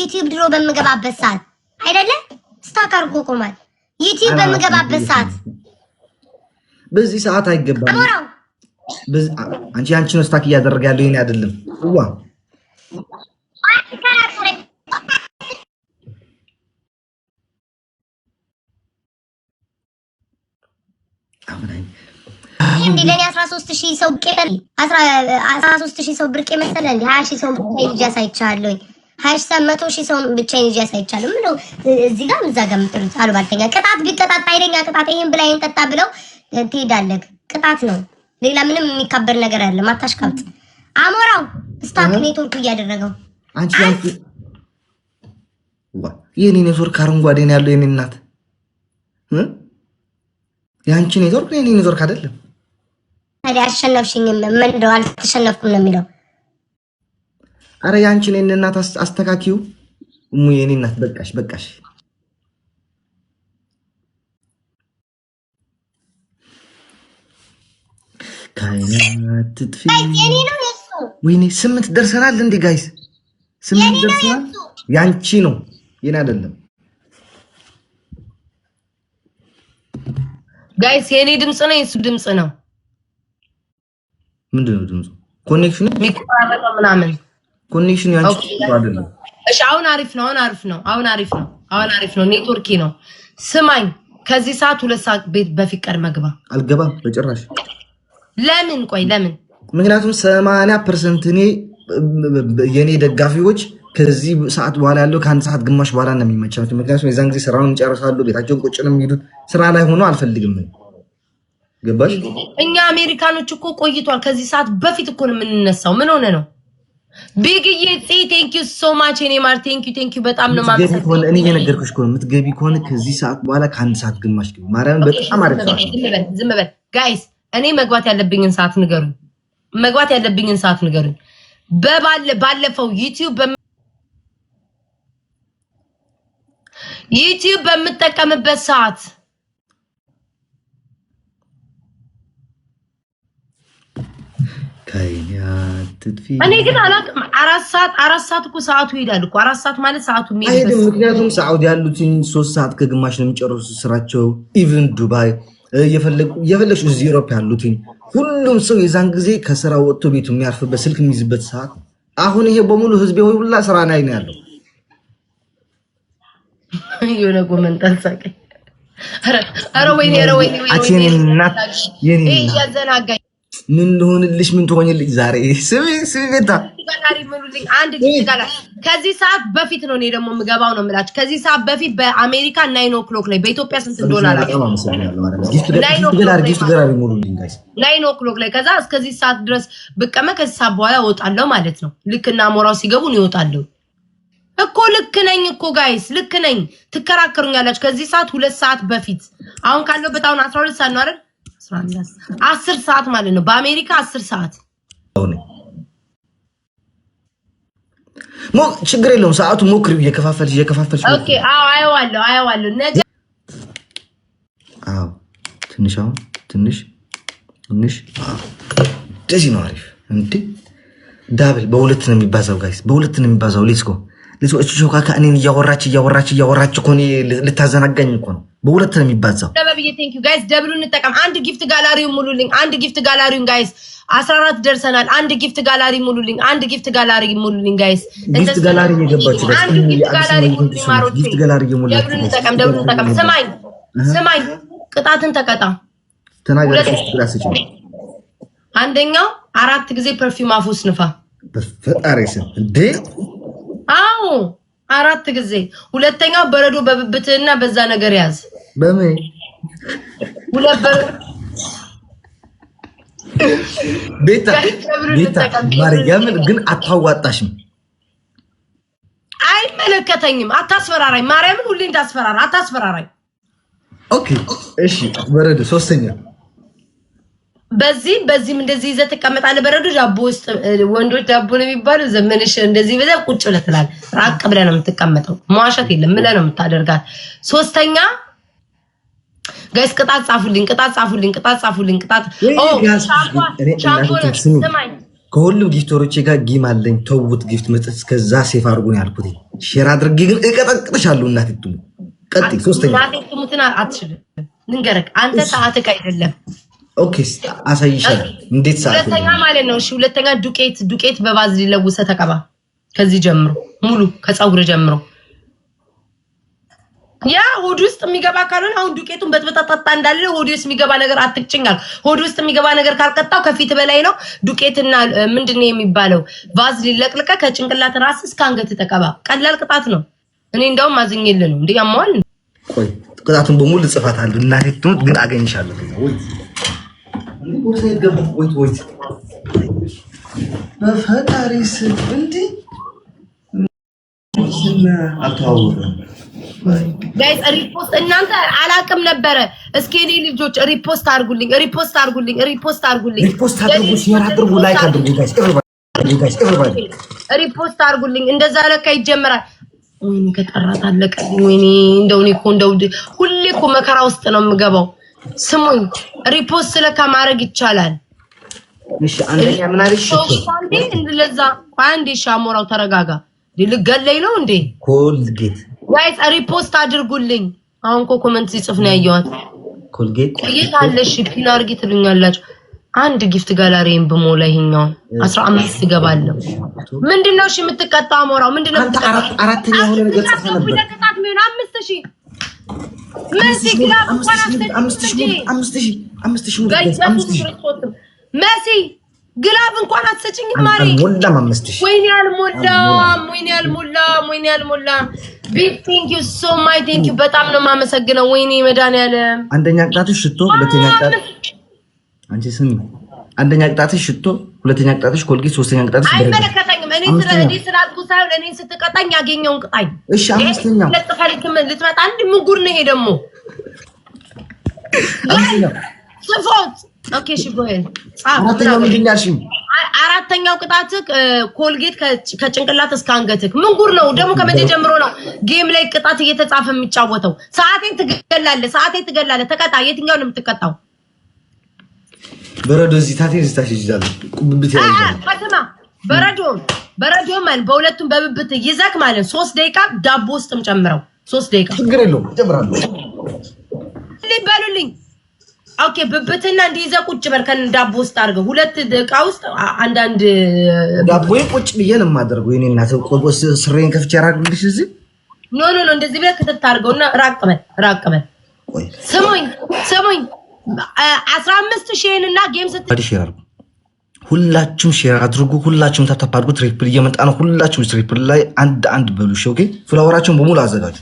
ዩቲዩብ ድሮ በምገባበት ሰዓት አይደለ ስታክ አርጎ ቆማል። ዩቲዩብ በምገባበት ሰዓት በዚህ ሰዓት አይገባም። አንቺ አንቺ ነው ስታክ እያደረገ ያለው ይሄን አይደለም። ዋ እንዴ ለኔ 13000 ሰው ብር 13000 ሰው ብር መሰለህ እንዴ 20000 ሰው ብር ይጃሳይቻለሁ ሀሽታብ መቶ ሺህ ሰው ብቻዬን ይዤ አሳይቻለሁ። ምነው እዚህ ጋር እዛ ጋር የምጥሉት አሉባልተኛ ቅጣት ቢቀጣት አይደኛ ቅጣት ይህን ብላ ይህን ጠጣ ብለው ትሄዳለህ። ቅጣት ነው፣ ሌላ ምንም የሚካበር ነገር አለ። ማታሽ ማታሽካብጥ አሞራው ስታክ ኔትወርኩ እያደረገው አንቺ ያንቺ የኔ ኔትወርክ አረንጓዴ ነው ያለው። የኔ እናት የአንቺ ኔትወርክ የኔ ኔትወርክ አይደለም። ታዲያ አሸነፍሽኝ? ምን እንደው አልተሸነፍኩም ነው የሚለው አረ ያንቺ ነኝ እናት አስተካኪው። እሙ የኔ እናት በቃሽ በቃሽ። ካይናት ወይኔ ስምንት ደርሰናል እንዴ ጋይስ? ስምንት ደርሰናል። ያንቺ ነው የኔ አይደለም። ጋይስ የኔ ድምፅ ነው የሱ ድምፅ ነው። ምንድን ነው ድምፁ? ኮኔክሽኑ ምናምን ኮኔክሽን ያንቺ አይደለም። እሺ አሁን አሪፍ ነው። አሁን አሪፍ ነው። አሁን አሪፍ ነው። አሁን አሪፍ ነው። ኔትወርኪ ነው። ስማኝ፣ ከዚህ ሰዓት ሁለት ሰዓት ቤት በፊት ቀድመህ ግባ። አልገባም በጭራሽ። ለምን? ቆይ ለምን? ምክንያቱም ሰማንያ ፐርሰንት እኔ የእኔ ደጋፊዎች ከዚህ ሰዓት በኋላ ያለው ከአንድ ሰዓት ግማሽ በኋላ ነው የሚመቻቸው። ምክንያቱም የዛን ጊዜ ስራውን ይጨርሳሉ፣ ቤታቸውን ቁጭ ነው የሚሄዱት። ስራ ላይ ሆኖ አልፈልግም። ገባሽ? እኛ አሜሪካኖች እኮ ቆይቷል። ከዚህ ሰዓት በፊት እኮ ነው የምንነሳው። ምን ሆነ ነው ቢግዬ ፂ ቴንክ ዩ ሶ ማች እኔ ማር ቴንክ ዩ ቴንክ ዩ በጣም ነው ማመሰግን። ከሆነ እኔ የነገርኩሽ ከሆነ የምትገቢ ከሆነ ከዚህ ሰዓት በኋላ ከአንድ ሰዓት ግማሽ ግቢ። ማርያምን በጣም አረፍ። ዝም በል ጋይስ፣ እኔ መግባት ያለብኝን ሰዓት ንገሩኝ። መግባት ያለብኝን ሰዓት ንገሩኝ። ባለፈው ዩቲዩብ በ ዩቲዩብ በምጠቀምበት ሰዓት ከኛ እኔ ግን አላውቅም። አራት ሰዓት አራት ሰዓት እኮ ሰዓቱ ይሄዳል እኮ አራት ሰዓት ማለት ሰዓቱ የሚሄድ ምክንያቱም ሳዑዲ ያሉትን ሶስት ሰዓት ከግማሽ ነው የሚጨርሱ ስራቸው። ኢቭን ዱባይ የፈለግሽ እዚህ ኢሮፕ ያሉትኝ ሁሉም ሰው የዛን ጊዜ ከስራ ወጥቶ ቤቱ የሚያርፍበት ስልክ የሚይዝበት ሰዓት። አሁን ይሄ በሙሉ ህዝቤ ሆይ ሁላ ስራ ላይ ነው ያለው። የሆነ ጎመንጣን ሳቀኝ። ኧረ ወይኔ ኧረ ወይኔ ወይኔ እያዘናጋኝ ምን ልሆንልሽ? ምን ትሆኝልሽ? ዛሬ ስሚ ስሚ ቤታ አንድ ከዚህ ሰዓት በፊት ነው እኔ ደግሞ የምገባው ነው የምላችሁ። ከዚህ ሰዓት በፊት በአሜሪካ ናይን ኦክሎክ ላይ በኢትዮጵያ ስንት እንደሆነ ናይን ኦክሎክ ላይ ከዛ እስከዚህ ሰዓት ድረስ ብቀመ ከዚህ ሰዓት በኋላ እወጣለሁ ማለት ነው። ልክ እና ሞራው ሲገቡ ነው ይወጣለሁ እኮ ልክ ነኝ እኮ ጋይስ፣ ልክ ነኝ። ትከራከሩኛላችሁ። ከዚህ ሰዓት ሁለት ሰዓት በፊት አሁን ካለው አሁን አስራ ሁለት ሰዓት ነው አይደል አስር ሰዓት ማለት ነው። በአሜሪካ አስር ሰዓት ችግር የለውም። ሰዓቱ ሞክሪ እየከፋፈልሽ እየከፋፈልሽ አየዋለሁ አየዋለሁ። ነገ ትንሽ አሁን ትንሽ ትንሽ እንደዚህ ነው አሪፍ። እንዴ ዳብል በሁለት ነው የሚባዛው ጋይስ፣ በሁለት ነው የሚባዛው ሌትስ ጎ ለሰዎች ሾካ ከእኔን እያወራች እያወራች እያወራች እኮ ልታዘናጋኝ እኮ ነው። በሁለት ነው የሚባዛው። ለበብዬ ቴንክ ዩ ጋይስ፣ ደብሉ እንጠቀም። አንድ ጊፍት ጋላሪ ሙሉልኝ። አንድ ጊፍት ጋላሪውን ጋይስ፣ አስራ አራት ደርሰናል። አንድ ጊፍት ጋላሪ ሙሉልኝ። አንድ ጊፍት ጋላሪ ሙሉልኝ ጋይስ። ጊፍት ጋላሪ የገባችሁ አንድ ጊፍት ጋላሪ ሙሉልኝ። ደብሉ እንጠቀም፣ ደብሉ እንጠቀም። ስማኝ ስማኝ፣ ቅጣትን ተቀጣ። ተናገር ራስ ይችላል። አንደኛው አራት ጊዜ ፐርፊውም አፉስ ንፋ። በፈጣሪ ስም እንዴ አዎ አራት ጊዜ። ሁለተኛው በረዶ በብብትህና በዛ ነገር ያዝ። በምን ቤታ ማርያምን ግን አታዋጣሽም። አይመለከተኝም። አታስፈራራኝ። ማርያምን ሁሌ እንዳስፈራራ አታስፈራራኝ። ኦኬ እሺ። በረዶ ሶስተኛ በዚህ በዚህም እንደዚህ ይዘህ ትቀመጣለህ። በረዶ ዳቦ ውስጥ ወንዶች ዳቦ ነው የሚባለው። ዘመንሽ እንደዚህ ብለህ ቁጭ ብለህ ትላለህ። ራቅ ብለህ ነው የምትቀመጠው። መዋሸት የለም ብለህ ነው የምታደርጋት። ሶስተኛ ጋይስ ቅጣት ጻፉልኝ፣ ቅጣት ጻፉልኝ፣ ቅጣት ጻፉልኝ፣ ቅጣት ስማኝ። ከሁሉም ጊፍተሮቼ ጋር ጊም አለኝ። ተውት ጊፍት መጠጥ ከዛ ሴፍ አድርጎን ያልኩት ሼር አድርጌ ግን እቀጠቅጥሻለሁ። እናቴ ትሙት ቀጥይ። ሶስተኛ እናቴ ትሙትን አትችልም። ልንገረክ አንተ ሰዓትህ አይደለም ኦኬ አሳይሻል። እንዴት ሰዓት ሁለተኛ ማለት ነው። እሺ ሁለተኛ ዱቄት ዱቄት በቫዝሊን ለውሰህ ተቀባ። ከዚህ ጀምሮ ሙሉ ከፀጉር ጀምሮ ያ ሆድ ውስጥ የሚገባ ካልሆነ አሁን ዱቄቱን በጥበጣጣጣ እንዳለ ሆድ ውስጥ የሚገባ ነገር አትጭኛል። ሆድ ውስጥ የሚገባ ነገር ካልቀጣው ከፊት በላይ ነው። ዱቄትና ምንድነው የሚባለው ቫዝሊን ለቅልቀ ከጭንቅላት ራስ እስከ አንገት ተቀባ። ቀላል ቅጣት ነው። እኔ እንደውም አዝኜልህ ነው እንዴ ያማዋል። ቆይ ቅጣቱን በሙሉ ጽፋታለሁ እና ግን አገኝሻለሁ ቦታ የገባ ወይት ወይት በፈጣሪ ስል እንዲ አልተዋወቅም። ጋይስ ሪፖስት እናንተ አላቅም ነበረ። እስኪ እኔ ልጆች ሪፖስት አድርጉልኝ፣ ሪፖስት አድርጉልኝ፣ ሪፖስት አድርጉልኝ፣ ሪፖስት አድርጉ፣ ሼር አድርጉ፣ ላይክ አድርጉ። ጋይስ ሪፖስት አድርጉልኝ። እንደዛ ለካ ይጀምራል። ወይኔ ከጠራት አለቀ። ወይኔ እንደው እኔ እኮ እንደው ሁሌ እኮ መከራ ውስጥ ነው የምገባው። ስሙኝ፣ ሪፖስት ለካ ማድረግ ይቻላል። እሺ አንደኛ ምን አለሽ? ለዛ አንዴ ሻሞራው ተረጋጋ። ልገለኝ ነው እንዴ? ኮልጌት ጋይስ ሪፖስት አድርጉልኝ። አሁን እኮ ኮመንት ሲጽፍ ነው ያየኋት። ኮልጌት ቆየት አለሽ ፒን አድርጊ ትሉኛላችሁ። አንድ ጊፍት ጋላሪን ብሞላ ይሄኛው 15 እገባለሁ። ምንድነው እሺ የምትቀጣው? አሞራው ምንድነው? አራተኛ ሆነ ነገር ጽፈህ ነበር። አምስት መሲ ግላብ እንኳን አትሰጭኝ መሲ ግላብ እንኳን አትሰጭኝም። ወይኔ አልሞላም፣ ወይኔ አልሞላም፣ ወይኔ አልሞላም። ቢግ ቴንክ ዩ ሶ ማች ቴንክ ዩ። በጣም ነው የማመሰግነው። ወይኔ መድኃኒዓለም። አንደኛ ቅጣትሽ ሽቶ፣ ሁለተኛ ቅጣትሽ አንቺ ስም፣ አንደኛ ቅጣትሽ ሽቶ፣ ሁለተኛ ቅጣትሽ ኮልጌት፣ ሶስተኛ ቅጣትሽ አይመለከት እኔ ስላልኩህ ሳይሆን እኔን ስትቀጣኝ ያገኘውን ቅጣኝ። እሺ አምስተኛው ልትመጣ አንድ ምጉር ነው። ይሄ ደግሞ ጽፎት ኦኬ። እሺ አራተኛው ቅጣትህ ኮልጌት ከጭንቅላት እስከ አንገትህ ምንጉር ነው። ደግሞ ከመቼ ጀምሮ ነው ጌም ላይ ቅጣት እየተጻፈ የሚጫወተው? ሰዓቴን ትገላለህ፣ ሰዓቴን ትገላለህ። ተቀጣ። የትኛው ነው የምትቀጣው? በረዶ እዚህ ታቴ ስታሽ ይችላል። ቁብብት ያ በረዶ በረዶ ማን በሁለቱም በብብት ይዘክ ማለት ሶስት ደቂቃ ዳቦ ውስጥም ጨምረው ሶስት ደቂቃ ችግር የለውም ጨምራለሁ። በሉልኝ። ኦኬ ብብትና እንዲህ ይዘህ ቁጭ በል ዳቦ ውስጥ አድርገው ሁለት ደቂቃ ውስጥ አንዳንድ ዳቦ ቁጭ ብዬ ነው የማደርገው። የእኔ እናት ቆቦስ ስሬን ከፍቼ ራግልሽ እዚህ ኖ ኖ ኖ እንደዚህ ብለህ ክትት አድርገውና ራቅ በል ራቅ በል። ስሙኝ ስሙኝ አስራ አምስት ሺህንና ጌም ስት ሁላችሁም ሼር አድርጉ። ሁላችሁም ታፕ አድርጉ። ትሪፕል እየመጣ ነው። ሁላችሁም ትሪፕል ላይ አንድ አንድ በሉ። ኦኬ ፍላወራችሁን በሙሉ አዘጋጁ።